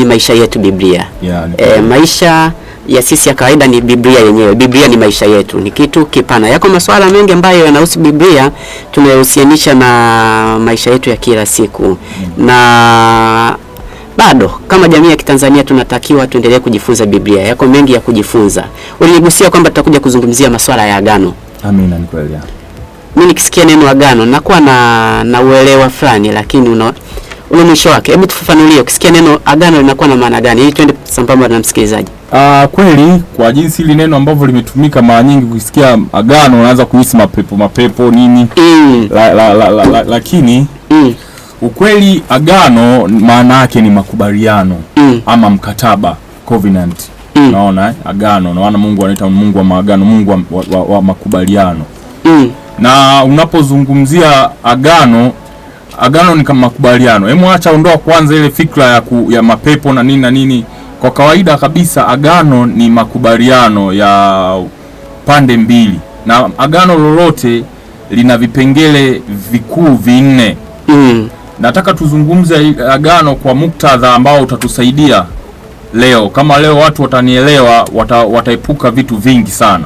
ni maisha yetu Biblia. Yeah, eh, maisha ya sisi ya kawaida ni Biblia yenyewe. Biblia ni maisha yetu, ni kitu kipana. Yako masuala mengi ambayo yanahusu Biblia tunayohusianisha na maisha yetu ya kila siku mm. na bado kama jamii ya Kitanzania tunatakiwa tuendelee kujifunza Biblia. Yako mengi ya kujifunza. Uligusia kwamba tutakuja kuzungumzia masuala ya agano. Amina, ni kweli. Mimi nikisikia neno agano nakuwa na na uelewa fulani, lakini una ule mwisho wake. Hebu tufafanulie, ukisikia neno agano linakuwa na maana gani, ili twende sambamba na msikilizaji. Ah, kweli kwa jinsi hili neno ambavyo limetumika mara nyingi, ukisikia agano unaanza kuhisi mapepo mapepo nini, mm. la, la, la, la, la, lakini mm. ukweli agano maana yake ni makubaliano mm. ama mkataba covenant mm. naona eh? agano naona Mungu anaita Mungu wa maagano, Mungu wa, wa, wa, wa makubaliano mm. na unapozungumzia agano agano ni kama makubaliano. Hebu acha ondoa kwanza ile fikra ya, ku, ya mapepo na nini na nini. Kwa kawaida kabisa agano ni makubaliano ya pande mbili, na agano lolote lina vipengele vikuu vinne. mm. Nataka tuzungumze agano kwa muktadha ambao utatusaidia leo. Kama leo watu watanielewa, wataepuka vitu vingi sana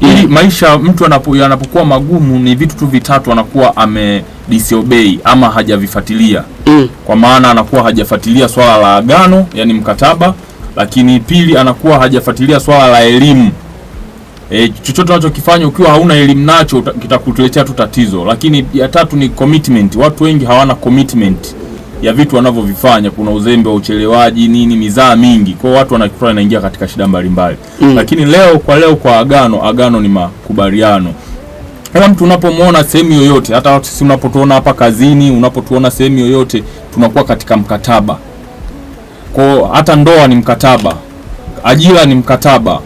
ili maisha mtu anapokuwa yanapokuwa magumu ni vitu tu vitatu anakuwa ame disobey ama hajavifuatilia mm. Kwa maana anakuwa hajafuatilia swala la agano, yani mkataba, lakini pili anakuwa hajafuatilia swala la elimu e, chochote unachokifanya ukiwa hauna elimu nacho kitakutuletea tu tatizo, lakini ya tatu ni commitment. Watu wengi hawana commitment ya vitu wanavyovifanya, kuna uzembe wa uchelewaji nini, mizaa mingi kwao, watu wanakutana naingia katika shida mbalimbali mm. Lakini leo kwa leo kwa agano, agano ni makubaliano kama mtu unapomwona sehemu yoyote, hata sisi unapotuona hapa kazini, unapotuona sehemu yoyote, tunakuwa katika mkataba. Kwa hata ndoa ni mkataba, ajira ni mkataba,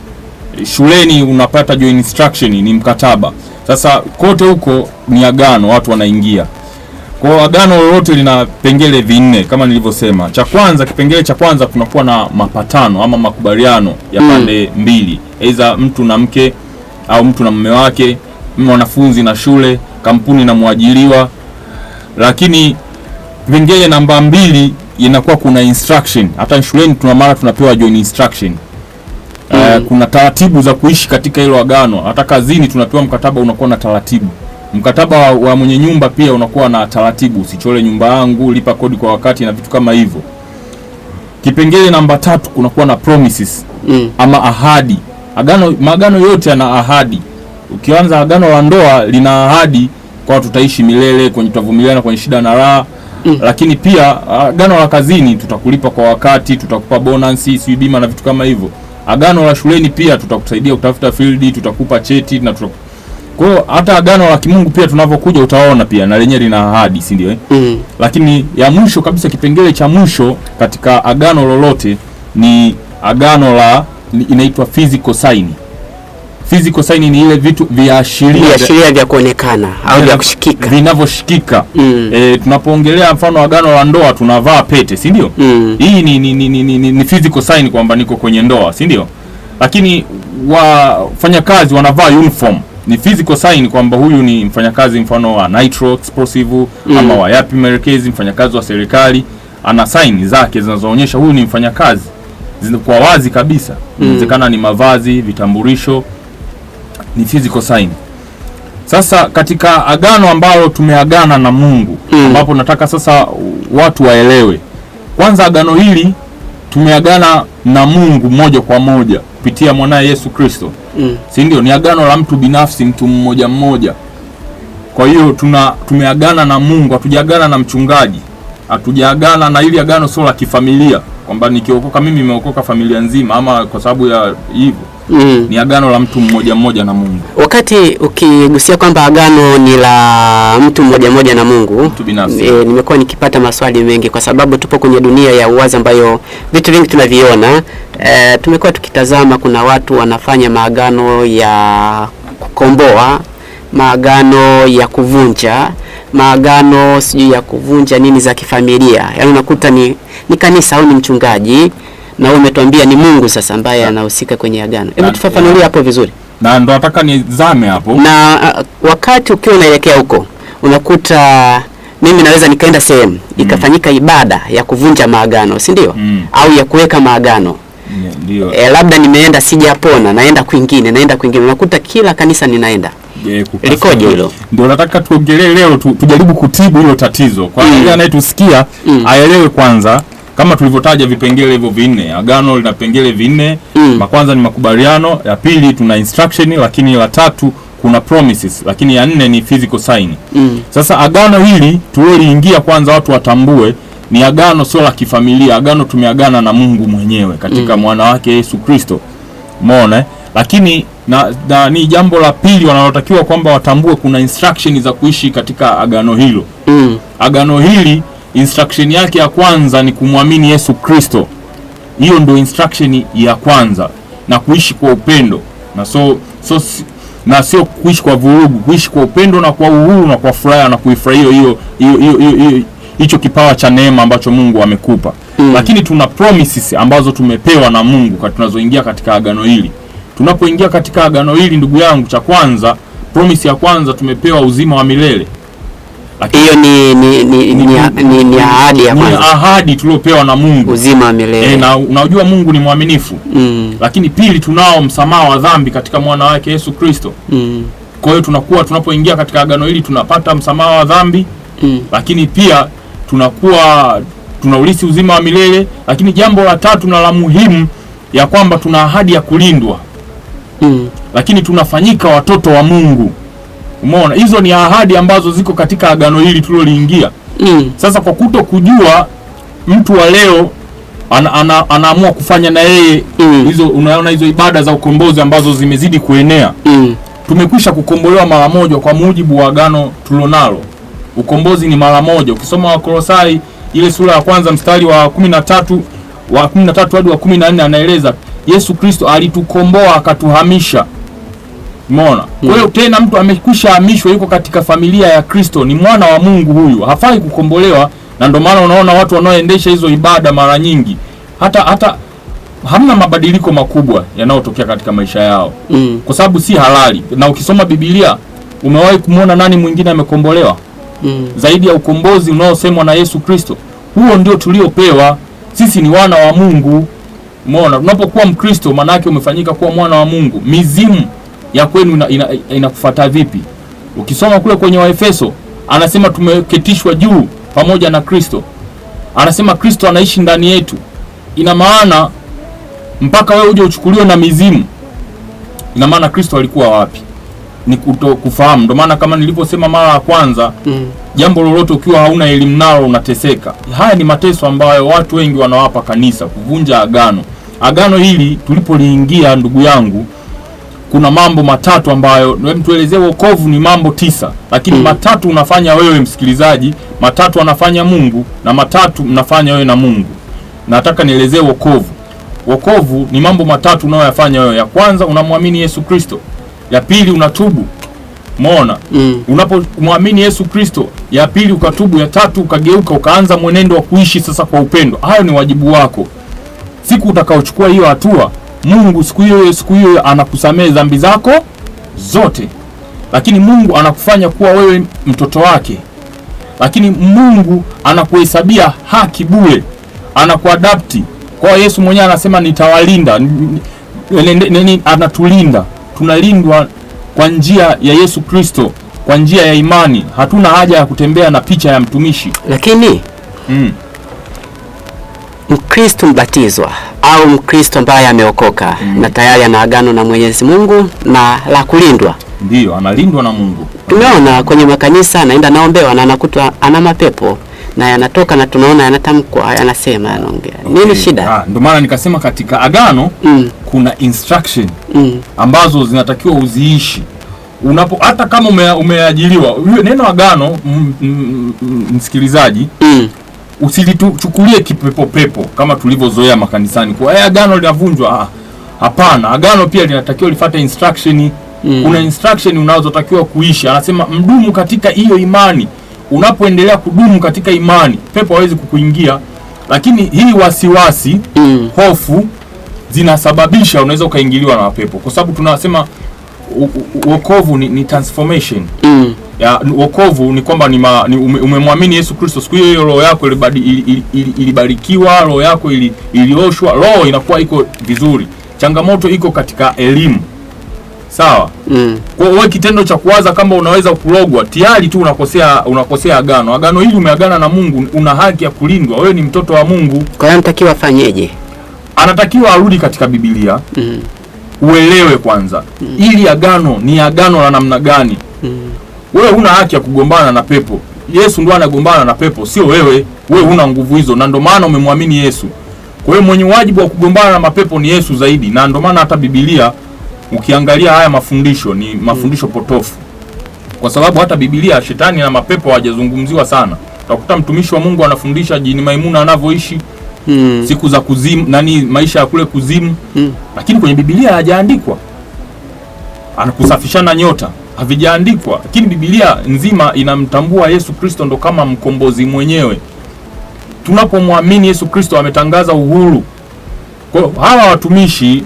shuleni unapata job instruction ni mkataba. Sasa kote huko ni agano, watu wanaingia kwa agano lolote lina vipengele vinne kama nilivyosema. Cha kwanza, kipengele cha kwanza kunakuwa na mapatano ama makubaliano ya hmm. pande mm. mbili, aidha mtu na mke au mtu na mume wake, mwanafunzi na shule, kampuni na mwajiliwa. Lakini vingine namba mbili inakuwa kuna instruction. Hata shuleni tuna mara tunapewa joint instruction mm. Uh, kuna taratibu za kuishi katika hilo agano. Hata kazini tunapewa mkataba unakuwa na taratibu Mkataba wa wa mwenye nyumba pia unakuwa na taratibu, usichole nyumba yangu, lipa kodi kwa wakati na vitu kama hivyo. Kipengele namba tatu kunakuwa na promises mm. ama ahadi. Agano, maagano yote yana ahadi. Ukianza agano la ndoa lina ahadi kwa tutaishi milele kwenye tutavumiliana kwenye shida na raha mm. Lakini pia agano la kazini, tutakulipa kwa wakati, tutakupa bonus, si bima na vitu kama hivyo. Agano la shuleni pia, tutakusaidia kutafuta field, tutakupa cheti na tutakupa kwa hiyo hata agano la kimungu pia tunavyokuja utaona pia na lenyewe lina ahadi, si ndio eh? Mm. Lakini ya mwisho kabisa, kipengele cha mwisho katika agano lolote ni agano la inaitwa physical sign. Physical sign ni ile vitu viashiria viashiria vya kuonekana au vya kushikika vinavyoshikika. Mm. E, tunapoongelea mfano agano la ndoa tunavaa pete, si ndio? Mm. Hii ni, ni, ni, ni, ni, ni physical sign kwamba niko kwenye ndoa, si ndio? Lakini wafanyakazi wanavaa uniform ni physical sign kwamba huyu ni mfanyakazi mfano wa Nitro Explosive mm. ama wa yapi merekezi, mfanyakazi wa serikali, ana sign zake zinazoonyesha huyu ni mfanyakazi, zinakuwa wazi kabisa. Mm. Inawezekana mm. ni mavazi, vitambulisho, ni physical sign. Sasa katika agano ambalo tumeagana na Mungu mm. ambapo nataka sasa watu waelewe kwanza, agano hili tumeagana na Mungu moja kwa moja kupitia mwanaye Yesu Kristo mm. si ndio? Ni agano la mtu binafsi, mtu mmoja mmoja. Kwa hiyo tuna tumeagana na Mungu, hatujaagana na mchungaji, hatujaagana na ili agano sio la kifamilia, kwamba nikiokoka mimi nimeokoka familia nzima, ama kwa sababu ya hivyo mm. ni agano la mtu mmoja mmoja na Mungu. Wakati ukigusia kwamba agano ni la mtu mmoja mmoja na Mungu, mtu binafsi. E, nimekuwa nikipata maswali mengi kwa sababu tupo kwenye dunia ya uwazi ambayo vitu vingi tunaviona. E, tumekuwa tukitazama kuna watu wanafanya maagano ya kukomboa, maagano ya kuvunja maagano sijui ya kuvunja nini za kifamilia, yaani unakuta ni, ni kanisa au ni mchungaji na wewe umetuambia ni Mungu sasa ambaye anahusika kwenye agano. Hebu tufafanulie hapo vizuri. Na ndo nataka nizame hapo. Na uh, wakati ukiwa unaelekea huko unakuta mimi naweza nikaenda sehemu mm. ikafanyika ibada ya kuvunja maagano, si ndio? mm. au ya kuweka maagano yeah, e, labda nimeenda sijapona, naenda kwingine, naenda kwingine, unakuta kila kanisa ninaenda yeah, likoje hilo? Ndio nataka tuongelee leo tu, tujaribu kutibu hilo tatizo kwa mm. anayetusikia mm. aelewe kwanza kama tulivyotaja vipengele hivyo vinne, agano lina vipengele vinne mm. la kwanza ni makubaliano, ya pili tuna instruction, lakini la tatu kuna promises, lakini ya nne ni physical sign mm. Sasa agano hili tuliloingia, kwanza watu watambue ni agano sio la kifamilia. Agano tumeagana na Mungu mwenyewe katika mm. mwana wake Yesu Kristo, umeona. Eh? Lakini na, na, ni jambo la pili wanalotakiwa kwamba watambue kuna instruction za kuishi katika agano hilo mm. agano hili instruction yake ya kwanza ni kumwamini Yesu Kristo. Hiyo ndio instruction ya kwanza, na kuishi kwa upendo na so, so, na sio kuishi kwa vurugu, kuishi kwa upendo na kwa uhuru na kwa furaha na kuifurahia hiyo hiyo hicho kipawa cha neema ambacho Mungu amekupa. Mm. Lakini tuna promises ambazo tumepewa na Mungu tunazoingia katika agano hili. Tunapoingia katika agano hili, ndugu yangu, cha kwanza, promise ya kwanza tumepewa uzima wa milele hiyo ni, ni, ni, ni, ni, ni ahadi ya kwanza, ahadi tuliopewa na Mungu uzima milele e, na unajua Mungu ni mwaminifu mm. Lakini pili, tunao msamaha wa dhambi katika mwana wake Yesu Kristo mm. Kwa hiyo tunakuwa tunapoingia katika agano hili tunapata msamaha wa dhambi mm. Lakini pia tunakuwa tunaulisi uzima wa milele lakini jambo la tatu na la muhimu ya kwamba tuna ahadi ya kulindwa mm. Lakini tunafanyika watoto wa Mungu. Umeona, hizo ni ahadi ambazo ziko katika agano hili tuliloliingia. Mm. Sasa kwa kuto kujua mtu wa leo ana, ana, anaamua kufanya na yeye mm. hizo, unaona hizo ibada za ukombozi ambazo zimezidi kuenea mm. Tumekwisha kukombolewa mara moja kwa mujibu wa agano tulonalo. Ukombozi ni mara moja. Ukisoma Wakolosai ile sura ya kwanza mstari wa 13 wa 13 hadi wa 14 anaeleza Yesu Kristo alitukomboa akatuhamisha Umeona? Kwa hiyo mm. tena mtu amekwisha hamishwa, yuko katika familia ya Kristo, ni mwana wa Mungu huyu, hafai kukombolewa, na ndio maana unaona watu wanaoendesha hizo ibada mara nyingi hata hata hamna mabadiliko makubwa yanayotokea katika maisha yao mm, kwa sababu si halali. Na ukisoma Biblia umewahi kumwona nani mwingine amekombolewa mm, zaidi ya ukombozi unaosemwa na Yesu Kristo? Huo ndio tuliopewa sisi, ni wana wa Mungu. Umeona, unapokuwa Mkristo maana yake umefanyika kuwa mwana wa Mungu. Mizimu ya kwenu inakufata ina, ina vipi? Ukisoma kule kwenye Waefeso anasema tumeketishwa juu pamoja na Kristo, anasema Kristo anaishi ndani yetu. Ina maana mpaka wewe uje uchukuliwe na mizimu, ina maana Kristo alikuwa wapi? Ni kuto kufahamu. Ndio maana kama nilivyosema mara ya kwanza mm. jambo lolote ukiwa hauna elimu nalo unateseka. Haya ni mateso ambayo watu wengi wanawapa kanisa, kuvunja agano. Agano hili tulipoliingia, ndugu yangu kuna mambo matatu ambayo tuelezee. Wokovu ni mambo tisa, lakini hmm, matatu unafanya wewe msikilizaji, matatu anafanya Mungu na matatu mnafanya wewe na Mungu. Nataka nielezee wokovu. Wokovu ni mambo matatu unayoyafanya wewe. Ya kwanza unamwamini Yesu Kristo, ya pili unatubu mona Mm. Unapomwamini Yesu Kristo, ya pili ukatubu, ya tatu ukageuka, ukaanza mwenendo wa kuishi sasa kwa upendo. Hayo ni wajibu wako. Siku utakaochukua hiyo hatua, Mungu siku hiyo siku hiyo anakusamehe dhambi zako zote, lakini Mungu anakufanya kuwa wewe mtoto wake, lakini Mungu anakuhesabia haki bure, anakuadapti kwa Yesu mwenyewe anasema nitawalinda, anatulinda. Tunalindwa kwa njia ya Yesu Kristo, kwa njia ya imani. Hatuna haja ya kutembea na picha ya mtumishi, lakini mm. Mkristo mbatizwa au Mkristo ambaye ameokoka mm. na tayari ana agano na Mwenyezi Mungu na la kulindwa, ndio analindwa na Mungu. Tumeona kwenye makanisa anaenda naombewa na anakutwa ana mapepo na yanatoka na tunaona yanatamkwa yanasema yanaongea okay. Nini shida? Ah, ndio maana nikasema katika agano mm. kuna instruction mm. ambazo zinatakiwa uziishi unapo hata kama umeajiriwa ume neno agano msikilizaji mm kipepo kipepopepo kama tulivyozoea makanisani kwa eh, agano linavunjwa. Ah, hapana, agano pia linatakiwa lifuate instruction. Mm. Kuna instruction unazotakiwa kuishi. Anasema mdumu katika hiyo imani. Unapoendelea kudumu katika imani, pepo hawezi kukuingia. Lakini hii wasiwasi, mm. hofu zinasababisha unaweza ukaingiliwa na pepo, kwa sababu tunasema wokovu ni, ni transformation mm. ya wokovu ni kwamba ni, ni umemwamini Yesu Kristo, siku hiyo hiyo roho yako ilibarikiwa, roho yako ilioshwa, roho inakuwa iko vizuri. Changamoto iko katika elimu, sawa mm. Kwa wewe kitendo cha kuwaza kama unaweza kulogwa tayari tu unakosea, unakosea agano. Agano hili umeagana na Mungu, una haki ya kulindwa, wewe ni mtoto wa Mungu. Kwa hiyo anatakiwa afanyeje? Anatakiwa arudi katika Biblia mm uelewe kwanza mm. ili agano ni agano la namna gani? mm. Wewe huna haki ya kugombana na pepo. Yesu ndio anagombana na pepo, sio wewe. Wewe huna nguvu hizo, na ndio maana umemwamini Yesu. Kwa hiyo mwenye wajibu wa kugombana na mapepo ni Yesu zaidi, na ndio maana hata Biblia ukiangalia haya mafundisho ni mafundisho mm. potofu, kwa sababu hata Biblia shetani na mapepo hawajazungumziwa sana. Utakuta mtumishi wa Mungu anafundisha jini Maimuna anavyoishi mm. siku za kuzimu, nani maisha ya kule kuzimu mm. Lakini kwenye Biblia hajaandikwa anakusafishana nyota havijaandikwa, lakini Biblia nzima inamtambua Yesu Kristo ndo kama mkombozi mwenyewe. Tunapomwamini Yesu Kristo ametangaza uhuru. Kwa hawa watumishi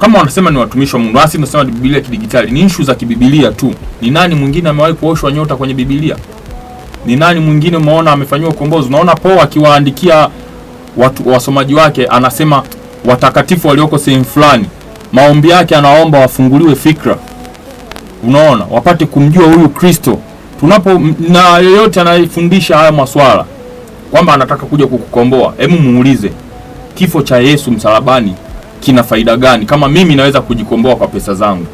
kama wanasema ni watumishi wa Mungu, nasi tunasema Biblia kidigitali ni issue za kibibilia tu. Ni nani mwingine amewahi kuoshwa nyota kwenye Biblia? Ni nani mwingine umeona amefanyiwa ukombozi? Unaona Paulo akiwaandikia watu wasomaji wake, anasema watakatifu walioko sehemu fulani. Maombi yake anaomba wafunguliwe fikra, unaona, wapate kumjua huyu Kristo. Tunapo na yeyote anayefundisha haya maswala kwamba anataka kuja kukukomboa, hebu muulize kifo cha Yesu msalabani kina faida gani? Kama mimi naweza kujikomboa kwa pesa zangu,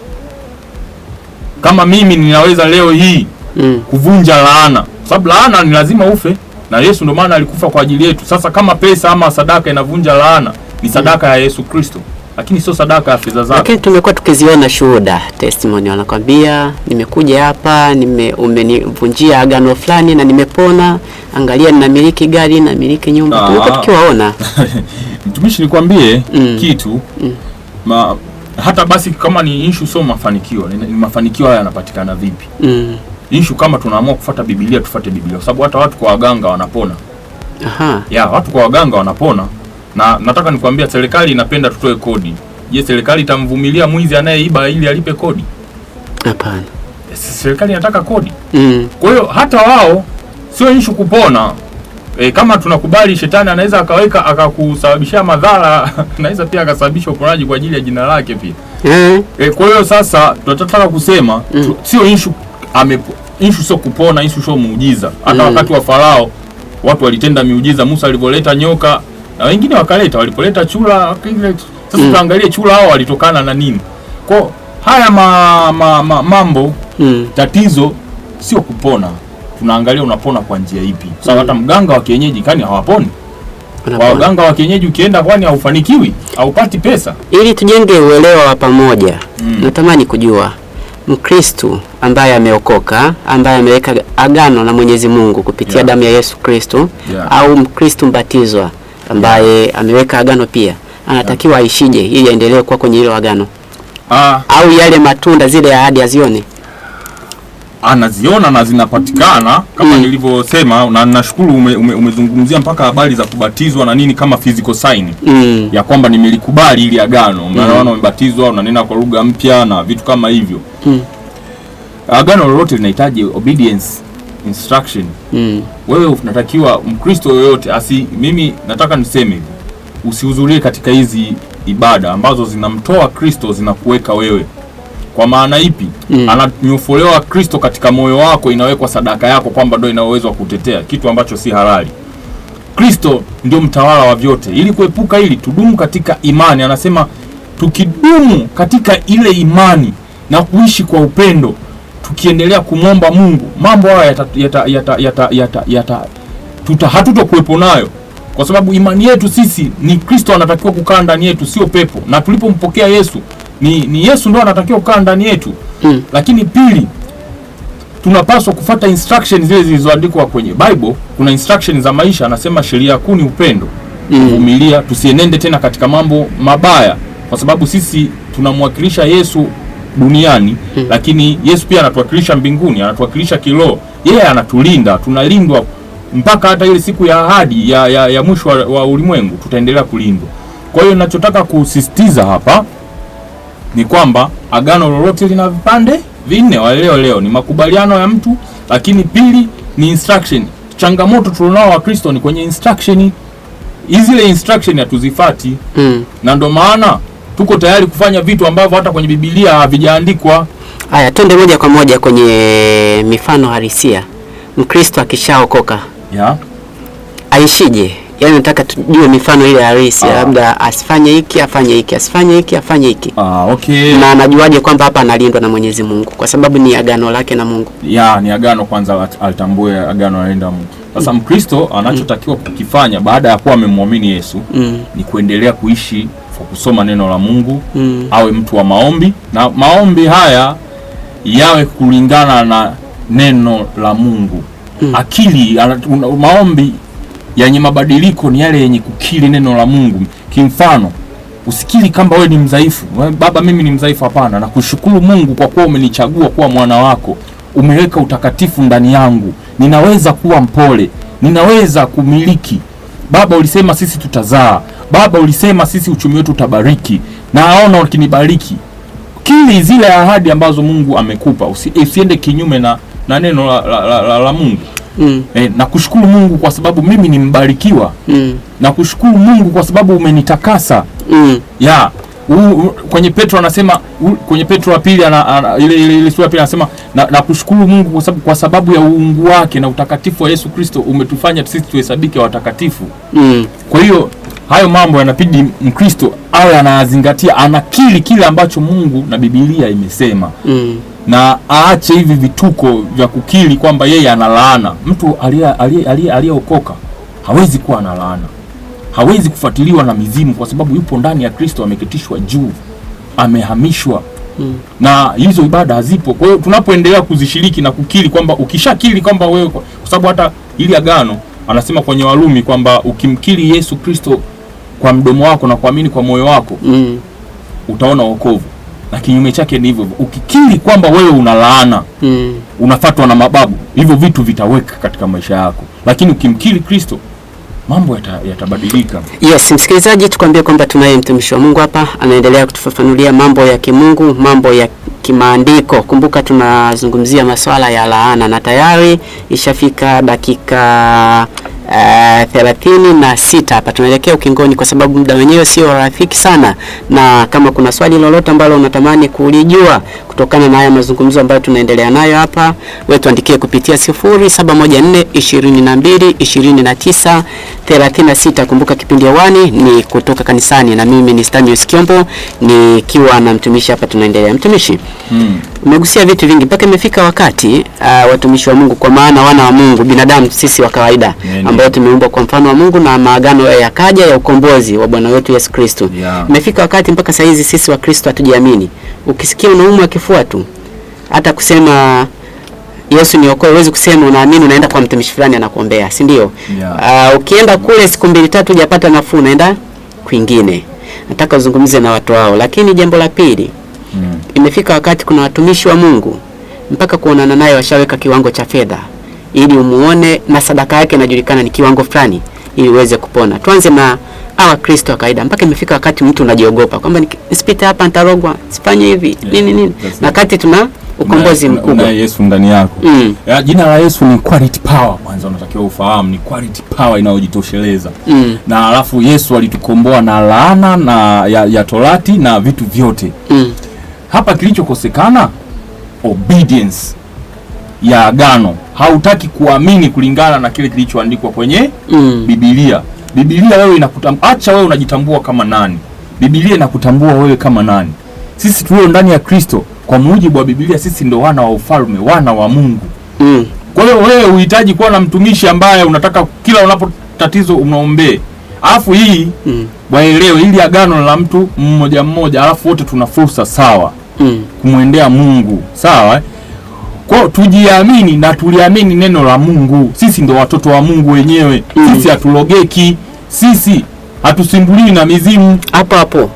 kama mimi ninaweza leo hii mm. kuvunja laana, sababu laana ni lazima ufe na Yesu ndio maana alikufa kwa ajili yetu. Sasa kama pesa ama sadaka inavunja laana, ni sadaka mm. ya Yesu Kristo, lakini sio sadaka ya fedha zako. Lakini tumekuwa tukiziona shuhuda testimony, wanakwambia nimekuja hapa nime, umenivunjia agano fulani na nimepona, angalia, ninamiliki gari, ninamiliki nyumba. Ah. Tumekuwa tukiwaona mtumishi, nikwambie mm. kitu mm. Ma, hata basi kama ni issue sio mafanikio, ni mafanikio haya yanapatikana vipi? mm. Ishu kama tunaamua kufuata Biblia tufuate Biblia, sababu hata watu kwa waganga wanapona. Aha. Ya, watu kwa waganga wanapona na nataka nikwambia serikali inapenda tutoe kodi. Je, serikali itamvumilia mwizi anayeiba ili alipe kodi? Hapana. Serikali inataka kodi. Mm. Kwa hiyo hata wao sio ishu kupona. E, kama tunakubali shetani anaweza akaweka akakusababishia madhara anaweza pia akasababisha uponaji kwa ajili ya jina lake pia. Mm. E, kwa hiyo sasa tunataka kusema mm. sio ishu inshu sio kupona, inshu sio muujiza. Hata mm. wakati wa Farao watu walitenda miujiza. Musa alivyoleta nyoka na wengine wakaleta, walipoleta chura. Sasa mm. tuangalie chura hao walitokana na nini? Kwa haya ma, ma, ma, mambo mm. tatizo sio kupona, tunaangalia unapona kwa njia ipi? Sasa mm. hata mganga wa kienyeji kani hawaponi waganga wa kienyeji ukienda kwani haufanikiwi, haupati pesa. Ili tujenge uelewa wa pamoja mm. natamani kujua Mkristu ambaye ameokoka ambaye ameweka agano na Mwenyezi Mungu kupitia yeah. damu ya Yesu Kristo yeah. au Mkristo mbatizwa ambaye yeah. ameweka agano pia anatakiwa yeah. aishije ili aendelee kuwa kwenye hilo agano ah. au yale matunda zile ahadi azione anaziona na zinapatikana kama mm. nilivyosema, na nashukuru ume, ume, umezungumzia mpaka habari za kubatizwa na nini kama physical sign mm. ya kwamba nimelikubali ili agano, maana mm. umebatizwa, unanena kwa lugha mpya na vitu kama hivyo mm agano lolote linahitaji obedience instruction. Mm. Wewe unatakiwa Mkristo yoyote asi, mimi nataka niseme hivi, usihudhurie katika hizi ibada ambazo zinamtoa Kristo zinakuweka wewe. Kwa maana ipi? Mm. Ananyofolewa Kristo katika moyo wako, inawekwa sadaka yako kwamba ndio ina uwezo wa kutetea kitu ambacho si halali. Kristo ndio mtawala wa vyote. Ili kuepuka hili, tudumu katika imani. Anasema tukidumu katika ile imani na kuishi kwa upendo tukiendelea kumwomba Mungu mambo haya yata, yata, yata, yata, yata, tuta hatutokuwepo nayo, kwa sababu imani yetu sisi ni Kristo anatakiwa kukaa ndani yetu, sio pepo. Na tulipompokea Yesu ni, ni Yesu ndo anatakiwa kukaa ndani yetu hmm. Lakini pili tunapaswa kufata instruction zile zilizoandikwa kwenye Bible. Kuna instruction za maisha, anasema sheria kuu ni upendo, kuvumilia hmm. Tusienende tena katika mambo mabaya, kwa sababu sisi tunamwakilisha Yesu duniani hmm. Lakini Yesu pia anatuwakilisha mbinguni, anatuwakilisha kiroho, yeye anatulinda, tunalindwa mpaka hata ile siku ya ahadi ya, ya, ya mwisho wa, wa ulimwengu tutaendelea kulindwa. Kwa hiyo ninachotaka kusisitiza hapa ni kwamba agano lolote lina vipande vinne, waelewa leo ni makubaliano ya mtu, lakini pili ni instruction. Changamoto tulionao wa Kristo ni kwenye instruction, hizi ile instruction hatuzifati mm. na ndo maana tuko tayari kufanya vitu ambavyo hata kwenye Biblia havijaandikwa. Haya, twende moja kwa moja kwenye mifano halisia. Mkristo akishaokoka yeah. aishije? Yaani nataka tujue mifano ile halisi, ah. labda asifanye hiki afanye hiki, asifanye hiki afanye hiki. Ah, okay. na anajuaje kwamba hapa analindwa na Mwenyezi Mungu kwa sababu ni agano lake na Mungu? Yeah, ni agano kwanza, alitambue agano analinda Mungu. Sasa mm. Mkristo anachotakiwa kukifanya baada ya kuwa amemwamini Yesu mm. ni kuendelea kuishi kwa kusoma neno la Mungu mm. awe mtu wa maombi na maombi haya yawe kulingana na neno la Mungu mm. akili maombi yenye mabadiliko ni yale yenye kukili neno la Mungu. Kimfano, usikili kamba we ni mdhaifu, baba mimi ni mdhaifu. Hapana, na kushukuru Mungu kwa kuwa umenichagua kuwa mwana wako, umeweka utakatifu ndani yangu, ninaweza kuwa mpole, ninaweza kumiliki. Baba, ulisema sisi tutazaa Baba, ulisema sisi uchumi wetu utabariki, na aona ukinibariki kili zile ahadi ambazo Mungu amekupa usi, usiende kinyume na, na neno la, la, la, la, la Mungu mm. E, eh, na kushukuru Mungu kwa sababu mimi nimbarikiwa mm. na kushukuru Mungu kwa sababu umenitakasa mm. ya u, u, kwenye Petro anasema u, kwenye Petro wa pili ile ile sura pili anasema na, na kushukuru Mungu kwa sababu, kwa sababu ya uungu wake na utakatifu wa Yesu Kristo umetufanya sisi tuhesabike watakatifu mm. kwa hiyo hayo mambo yanapidi Mkristo awe anayazingatia anakili kile ambacho Mungu na Biblia imesema mm. na aache hivi vituko vya kukili kwamba yeye analaana. Mtu aliyeokoka hawezi kuwa analaana, hawezi kufuatiliwa na mizimu, kwa sababu yupo ndani ya Kristo, ameketishwa juu, amehamishwa mm. na hizo ibada hazipo. Kwa hiyo tunapoendelea kuzishiriki na kukili kwamba, ukishakili kwamba wewe, kwa sababu hata ili agano anasema kwenye walumi kwamba ukimkili Yesu Kristo kwa mdomo wako na kuamini kwa moyo wako mm. utaona wokovu, na kinyume chake ni hivyo. Ukikiri kwamba wewe una laana mm. unafatwa na mababu, hivyo vitu vitaweka katika maisha yako, lakini ukimkiri Kristo mambo yatabadilika. Yata yes, msikilizaji, tukwambie kwamba tunaye mtumishi wa Mungu hapa anaendelea kutufafanulia mambo ya kimungu, mambo ya kimaandiko. Kumbuka tunazungumzia masuala ya laana na tayari ishafika dakika Eh, thelathini na sita. Hapa tunaelekea ukingoni, kwa sababu muda wenyewe sio rafiki sana, na kama kuna swali lolote ambalo unatamani kulijua kutokana na haya mazungumzo ambayo tunaendelea nayo hapa, wewe tuandikie kupitia 0714 22 29 36. Kumbuka kipindi hewani ni kutoka kanisani, na mimi ni Stanius Kiombo nikiwa na mtumishi hapa. Tunaendelea mtumishi, hmm umegusia vitu vingi mpaka imefika wakati uh, watumishi wa Mungu kwa maana wana wa Mungu, binadamu sisi wa kawaida ambao tumeumbwa kwa mfano wa Mungu na maagano yakaja ya ukombozi wa Bwana wetu Yesu Kristo yeah. Imefika wakati mpaka saa hizi sisi wa Kristo hatujiamini. Ukisikia unaumwa kifua tu, hata kusema Yesu niokoe, huwezi kusema unaamini, unaenda kwa mtumishi fulani anakuombea, si ndio? yeah. Uh, ukienda kule siku mbili tatu hujapata nafuu, unaenda kwingine. Nataka uzungumze na watu wao, lakini jambo la pili Imefika wakati kuna watumishi wa Mungu mpaka kuonana naye washaweka kiwango cha fedha ili umuone na sadaka yake inajulikana ni kiwango fulani ili uweze kupona. Tuanze na hawa Kristo wa kawaida mpaka imefika wakati mtu unajiogopa kwamba nisipite hapa nitarogwa, sifanye hivi nini nini, na wakati tuna ukombozi mkubwa na Yesu ndani yako. Mm. Ya, jina la Yesu ni quality power. Kwanza unatakiwa ufahamu ni quality power inayojitosheleza. Mm. Na alafu Yesu alitukomboa na laana na ya, ya torati na vitu vyote. Mm. Hapa kilichokosekana obedience ya agano, hautaki kuamini kulingana na kile kilichoandikwa kwenye mm. Biblia. Biblia wewe inakutambua, acha wewe unajitambua kama nani, Biblia inakutambua wewe kama nani. Sisi tulio ndani ya Kristo, kwa mujibu wa Biblia, sisi ndo wana wa ufalme, wana wa Mungu mm. Kwa hiyo wewe uhitaji kuwa na mtumishi ambaye unataka kila unapo tatizo unaombee, alafu hii mm waelewe ili agano la mtu mmoja mmoja, alafu wote tuna fursa sawa mm. kumwendea Mungu sawa eh? kwao, tujiamini na tuliamini neno la Mungu. Sisi ndo watoto wa Mungu wenyewe mm. sisi hatulogeki, sisi hatusimbuliwi na mizimu hapo hapo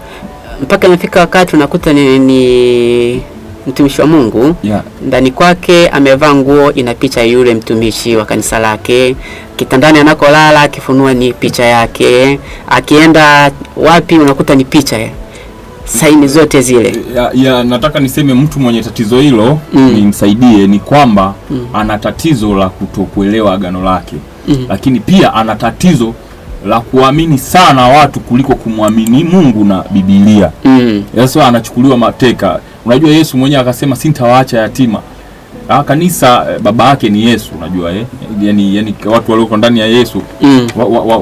mpaka imefika wakati unakuta ni, ni mtumishi wa Mungu yeah. Ndani kwake amevaa nguo ina picha yule mtumishi wa kanisa lake, kitandani anakolala, akifunua ni picha yake, akienda wapi unakuta ni picha ya saini zote zile ya, ya, nataka niseme mtu mwenye tatizo hilo mm. nimsaidie ni kwamba mm. ana tatizo la kutokuelewa agano lake mm. lakini pia ana tatizo la kuamini sana watu kuliko kumwamini Mungu na Biblia. Mm. Yesu anachukuliwa mateka. Unajua Yesu mwenyewe akasema sintawaacha yatima. Ah, kanisa eh, baba yake ni Yesu, unajua eh? Yani, yani watu walioko ndani ya Yesu mm.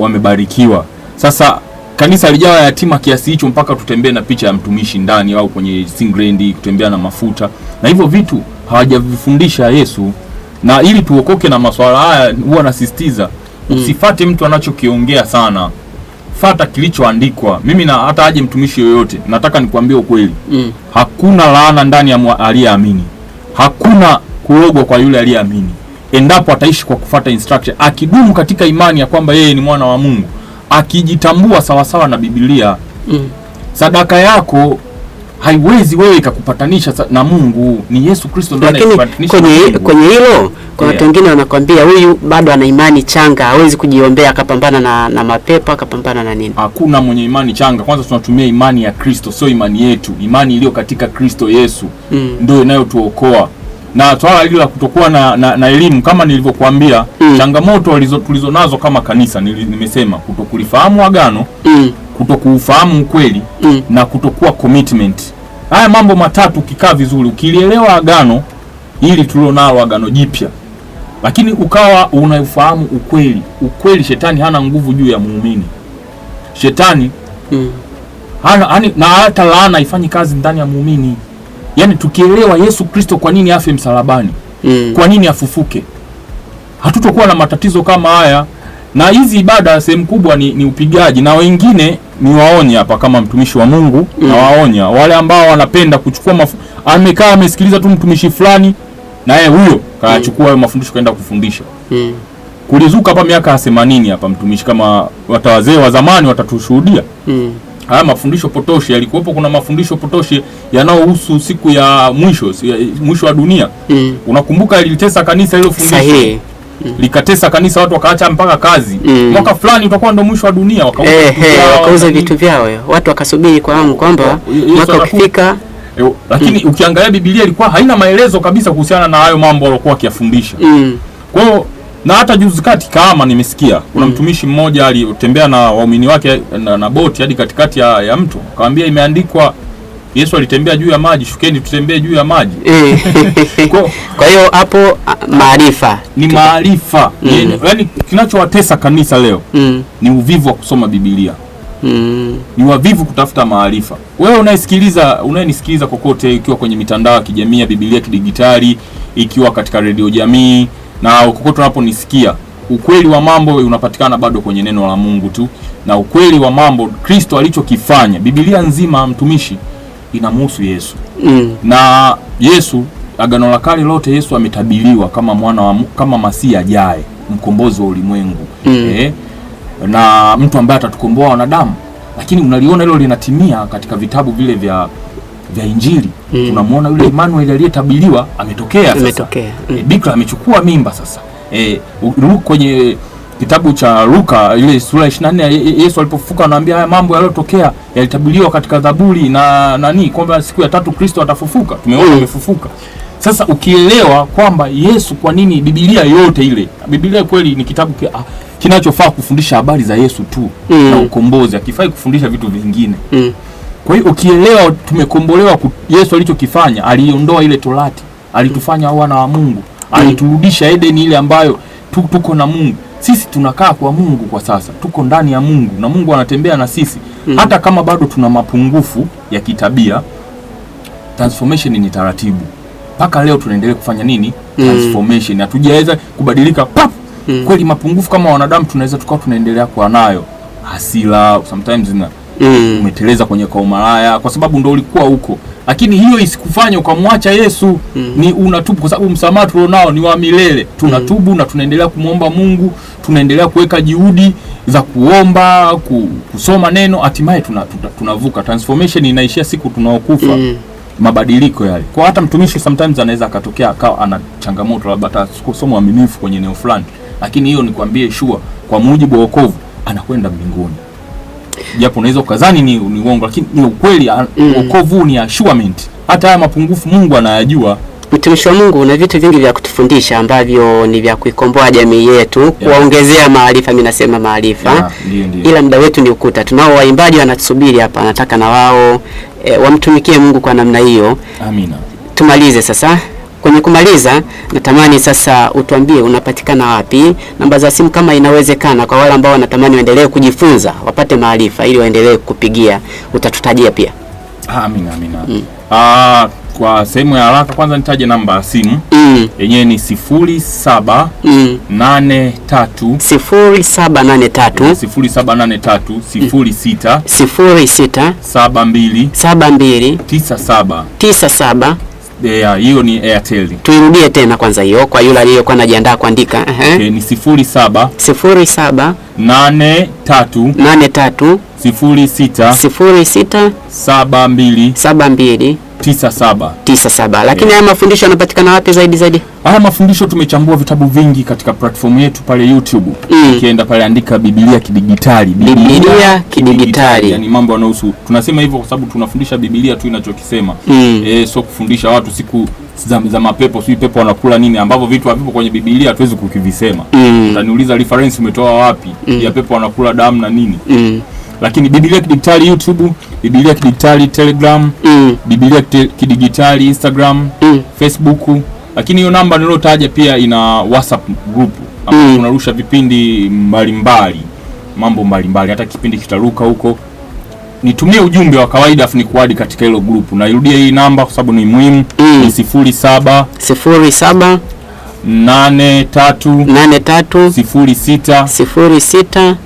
wamebarikiwa wa, wa, wa sasa kanisa lijawa yatima kiasi hicho mpaka tutembee na picha ya mtumishi ndani au kwenye singrendi kutembea na mafuta na hivyo vitu hawajavifundisha Yesu, na ili tuokoke na masuala haya huwa nasisitiza mm. usifate mtu anachokiongea sana, fata kilichoandikwa. Mimi na hata aje mtumishi yoyote, nataka nikwambie ukweli mm. hakuna laana ndani ya aliyeamini, hakuna kuogwa kwa yule aliyeamini, endapo ataishi kwa kufata instruction, akidumu katika imani ya kwamba yeye ni mwana wa Mungu, akijitambua sawasawa na Biblia. Mm. Sadaka yako haiwezi wewe ikakupatanisha na Mungu, ni Yesu Kristo ndiye anayekupatanisha kwenye, kwenye hilo. Kuna watu yeah, wengine wanakwambia huyu bado ana imani changa, hawezi kujiombea, akapambana na, na mapepo akapambana na nini. Hakuna mwenye imani changa. Kwanza tunatumia imani ya Kristo, sio imani yetu. Imani iliyo katika Kristo Yesu mm, ndio inayotuokoa na swala hili la kutokuwa na, na, na elimu kama nilivyokuambia mm. changamoto tulizonazo kama kanisa nimesema kutokulifahamu agano mm. kutokuufahamu ukweli mm. na kutokuwa commitment. Haya mambo matatu ukikaa vizuri, ukilielewa agano ili tulionalo agano jipya, lakini ukawa unaufahamu ukweli. Ukweli, shetani hana nguvu juu ya muumini. Shetani mm. hana, hana, na hata laana ifanyi kazi ndani ya muumini yani tukielewa Yesu Kristo kwa nini afe msalabani, mm. kwa nini afufuke, hatutokuwa na matatizo kama haya. Na hizi ibada sehemu kubwa ni, ni upigaji, na wengine ni waonye hapa kama mtumishi wa Mungu mm. na waonya wale ambao wanapenda kuchukua mafu, amekaa amesikiliza tu mtumishi fulani, na yeye huyo kaachukua hayo mm. mafundisho kaenda kufundisha mm. kulizuka hapa miaka ya themanini hapa mtumishi, kama watawazee wa zamani watatushuhudia mm haya mafundisho potoshi yalikuwepo. Kuna mafundisho potoshi yanayohusu siku ya mwisho ya mwisho wa dunia mm. Unakumbuka ilitesa kanisa hilo fundisho mm. mm. likatesa kanisa, watu wakaacha mpaka kazi mm. mwaka fulani utakuwa ndio mwisho wa dunia, wakauza vitu vyao, watu wakasubiri kwa hamu kwamba mwaka ukifika lakini mm. ukiangalia Biblia ilikuwa haina maelezo kabisa kuhusiana na hayo mambo aliyokuwa wakiyafundisha mm. kwa hiyo na hata juzi kati kama nimesikia kuna mm. mtumishi mmoja alitembea na waumini wake na, na boti hadi katikati ya, ya mtu akamwambia, imeandikwa Yesu alitembea juu ya maji, shukeni tutembee juu ya maji. Eh. Kwa hiyo hapo maarifa ni maarifa mm. Yaani, yaani kinachowatesa kanisa leo mm. ni uvivu wa kusoma Biblia mm. ni wavivu kutafuta maarifa. Wewe unaisikiliza unayenisikiliza kokote, ikiwa kwenye mitandao ya kijamii ya Biblia kidigitali, ikiwa katika redio jamii na kokote unaponisikia, ukweli wa mambo unapatikana bado kwenye neno la Mungu tu, na ukweli wa mambo Kristo alichokifanya, Biblia nzima mtumishi, inamhusu Yesu mm. na Yesu Agano la Kale lote Yesu ametabiliwa kama mwana wa, kama Masia ajaye mkombozi wa ulimwengu mm. eh, na mtu ambaye atatukomboa wanadamu, lakini unaliona hilo linatimia katika vitabu vile vya vya Injili mm. tunamwona yule Emmanuel aliyetabiriwa ametokea sasa. Ametokea. Mm. E, bikra amechukua mimba sasa e, kwenye kitabu cha Luka ile sura 24 Yesu alipofufuka anawaambia haya mambo yaliyotokea yalitabiriwa katika Zaburi na nani, kwamba siku ya tatu Kristo atafufuka. Tumeona mm. amefufuka. Sasa ukielewa kwamba Yesu, kwa nini Biblia yote ile, Biblia kweli ni kitabu kia, ah, kinachofaa kufundisha habari za Yesu tu mm. na ukombozi, akifai kufundisha vitu vingine mm. Kwa hiyo ukielewa, tumekombolewa Yesu alichokifanya, aliondoa ile torati, alitufanya wana wa Mungu, aliturudisha Edeni ile ambayo tuko na Mungu. Sisi tunakaa kwa Mungu kwa sasa, tuko ndani ya Mungu na Mungu anatembea na sisi mm. Hata kama bado tuna mapungufu ya kitabia, transformation ni taratibu. Mpaka leo tunaendelea kufanya nini? Mm. Transformation hatujaweza kubadilika pap mm. Kweli mapungufu kama wanadamu tunaweza tukawa tunaendelea kwa nayo hasira sometimes na mm. umeteleza kwenye kaumalaya kwa sababu ndo ulikuwa huko, lakini hiyo isikufanye ukamwacha Yesu mm. ni unatubu, kwa sababu msamaha tulionao ni wa milele. Tunatubu mm. na tunaendelea kumwomba Mungu, tunaendelea kuweka juhudi za kuomba, kusoma neno, hatimaye tunavuka tuna, tuna transformation inaishia siku tunaokufa mm mabadiliko yale. Kwa hata mtumishi sometimes anaweza akatokea akawa ana changamoto labda atasomo aminifu kwenye eneo fulani, lakini hiyo nikwambie, shua kwa mujibu wa wokovu anakwenda mbinguni japo unaweza ukadhani ni, ni uongo lakini ni ukweli. Mm. Wokovu ni assurement, hata haya mapungufu Mungu anayajua. Mtumishi wa Mungu, una vitu vingi vya kutufundisha ambavyo ni vya kuikomboa jamii yetu, kuwaongezea maarifa. Mimi nasema maarifa, ila muda wetu ni ukuta. Tunao waimbaji wanatusubiri hapa, nataka na wao e, wamtumikie Mungu kwa namna hiyo. Amina, tumalize sasa. Kwenye kumaliza, natamani sasa utuambie unapatikana wapi, namba za simu kama inawezekana, kwa wale ambao wanatamani waendelee kujifunza wapate maarifa ili waendelee kupigia, utatutajia pia. Amina, amina. Mm. Ah, kwa sehemu ya haraka kwanza nitaje namba ya simu mm. yenyewe mm. ni 07 0783 0783 06 06 72 72 97 97 Eh, hiyo ni Airtel. Tuirudie tena kwanza hiyo kwa yule aliyokuwa anajiandaa kuandika. Okay, eh, ni 07 07 83 83 06 06 72 72 97 Lakini haya mafundisho yanapatikana wapi zaidi zaidi? Haya mafundisho tumechambua vitabu vingi katika platform yetu pale YouTube. Mm. pale andika Biblia kidigitali, Biblia kidigitali. Yaani mambo yanayohusu. Tunasema hivyo kwa sababu tunafundisha Biblia tu inachokisema. Mm. Eh, sio kufundisha watu siku za, za mapepo sio pepo wanakula nini ambavyo vitu havipo kwenye Biblia hatuwezi kukivisema. Mm. Utaniuliza reference umetoa wapi? Mm. Ya pepo wanakula damu na nini? Mm lakini Biblia Kidigitali YouTube, Biblia Kidigitali Telegram, mm. Biblia Kidigitali Instagram, mm. Facebook, lakini hiyo namba niliyotaja pia ina WhatsApp group ambapo mm. unarusha vipindi mbalimbali, mambo mbalimbali, hata kipindi kitaruka huko. Nitumie ujumbe wa kawaida afu nikuadi katika hilo group. Nairudia hii namba kwa sababu ni muhimu mm. ni sifuri saba sifuri saba nane tatu nane tatu sifuri sita sifuri sita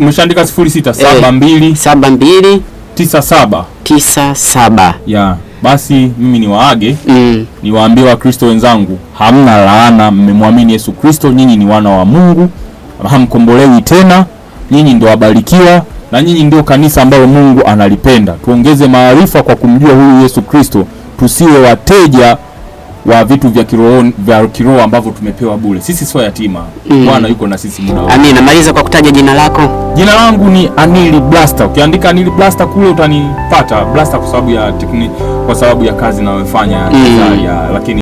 Umeshaandika 0672 72 97 97. Ya, basi mimi ni waage mm. niwaambie Wakristo wenzangu, hamna laana, mmemwamini Yesu Kristo, nyinyi ni wana wa Mungu, hamkombolewi tena, nyinyi ndio wabarikiwa na nyinyi ndio kanisa ambalo Mungu analipenda. Tuongeze maarifa kwa kumjua huyu Yesu Kristo, tusiwe wateja wa vitu vya kiroho vya kiroho ambavyo tumepewa bure. Sisi sio yatima. Mm. Bwana yuko na sisi muda Amina. Maliza kwa kutaja jina lako. Jina langu ni Anili Blaster. Ukiandika Anili Blaster kule utanipata. Blaster kwa sababu ya tekniki, kwa sababu ya kazi ninayofanya mm. ya, hmm. lakini